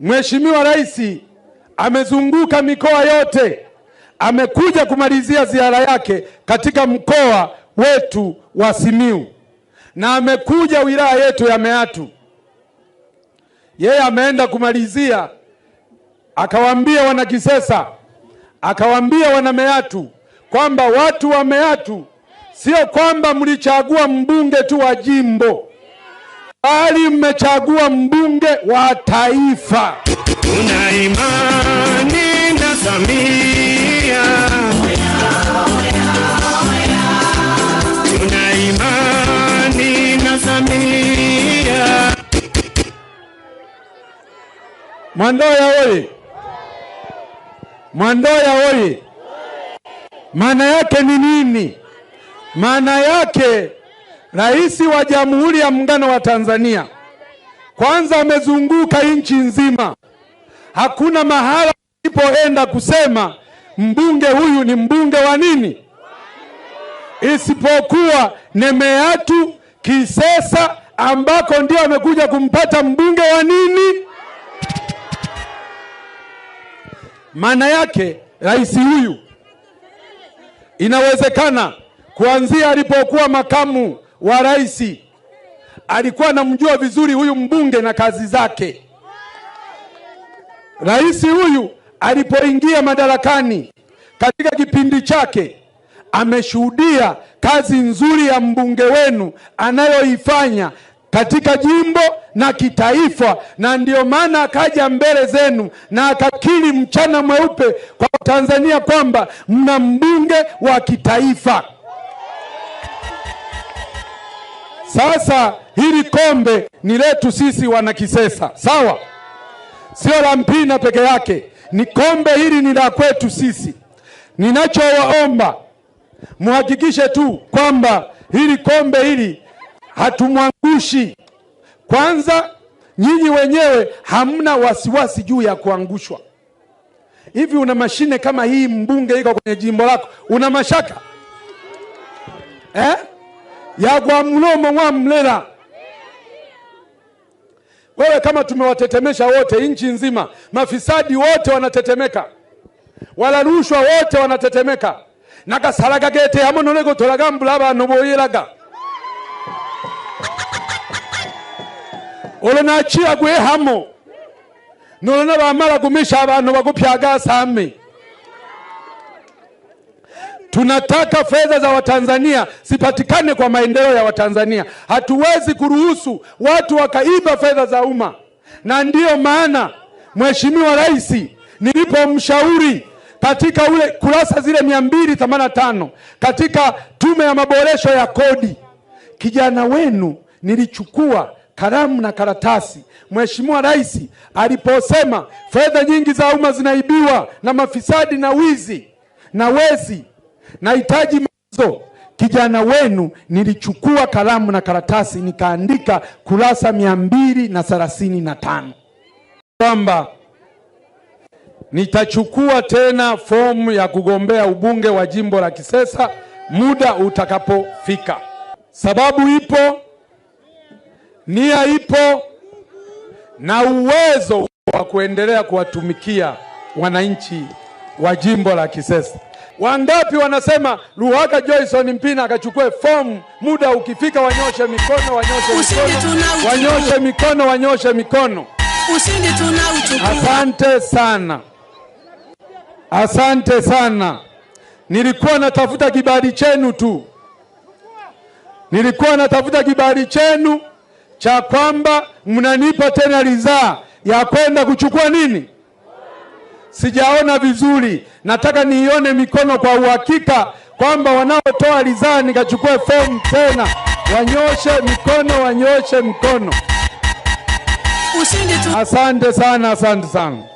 Mheshimiwa Rais amezunguka mikoa yote, amekuja kumalizia ziara yake katika mkoa wetu wa simiu na amekuja wilaya yetu ya Meatu. Yeye ameenda kumalizia, akawaambia wana Kisesa, akawaambia wana Meatu kwamba watu wa Meatu, sio kwamba mlichagua mbunge tu wa jimbo bali mmechagua mbunge wa taifa. Una imani na Samia, tuna imani na Samia. Mwandoya oye! Mwandoya oye! Maana yake ni nini? Maana yake Rais wa Jamhuri ya Muungano wa Tanzania kwanza amezunguka nchi nzima, hakuna mahala alipoenda kusema mbunge huyu ni mbunge wa nini, isipokuwa Nemeatu Kisesa, ambako ndio amekuja kumpata mbunge wa nini. Maana yake rais huyu inawezekana kuanzia alipokuwa makamu wa rais alikuwa anamjua vizuri huyu mbunge na kazi zake. Rais huyu alipoingia madarakani katika kipindi chake ameshuhudia kazi nzuri ya mbunge wenu anayoifanya katika jimbo na kitaifa, na ndiyo maana akaja mbele zenu na akakiri mchana mweupe kwa Tanzania kwamba mna mbunge wa kitaifa. Sasa hili kombe ni letu sisi wana kisesa sawa? Sio la Mpina peke yake, ni kombe hili ni la kwetu sisi. Ninachowaomba muhakikishe tu kwamba hili kombe hili hatumwangushi. Kwanza nyinyi wenyewe hamna wasiwasi juu ya kuangushwa. Hivi una mashine kama hii, mbunge iko kwenye jimbo lako, una mashaka eh? yagwa mlomo wa mlela. Wewe kama tumewatetemesha wote, nchi nzima, mafisadi wote wanatetemeka, wala rushwa wote wanatetemeka nagasala gagete hamwe mbulaba mbula abantu boyelaga olwo nachiagwe hamo nolo nabamala gumisha abantu bagupyaga asame Tunataka fedha za Watanzania zipatikane kwa maendeleo ya Watanzania. Hatuwezi kuruhusu watu wakaiba fedha za umma, na ndiyo maana Mheshimiwa Rais nilipomshauri katika ule kurasa zile mia mbili themanini na tano katika Tume ya Maboresho ya Kodi, kijana wenu nilichukua kalamu na karatasi. Mheshimiwa Rais aliposema fedha nyingi za umma zinaibiwa na mafisadi na wizi na wezi Nahitaji mawazo. Kijana wenu nilichukua kalamu na karatasi nikaandika kurasa mia mbili na thelathini na tano kwamba nitachukua tena fomu ya kugombea ubunge wa jimbo la Kisesa muda utakapofika. Sababu ipo, nia ipo, na uwezo wa kuendelea kuwatumikia wananchi wa jimbo la Kisesa. Wangapi wanasema Luhaga Joyson Mpina akachukue fomu, muda ukifika wanyoshe mikono, wanyoshe mikono, wanyoshe mikono, wanyoshe mikono. Asante sana, asante sana. Nilikuwa natafuta kibali chenu tu, nilikuwa natafuta kibali chenu cha kwamba mnanipa tena ridhaa ya kwenda kuchukua nini sijaona vizuri, nataka niione mikono kwa uhakika kwamba wanaotoa ridhaa nikachukue fomu tena, wanyoshe mikono, wanyoshe mikono. Asante sana, asante sana.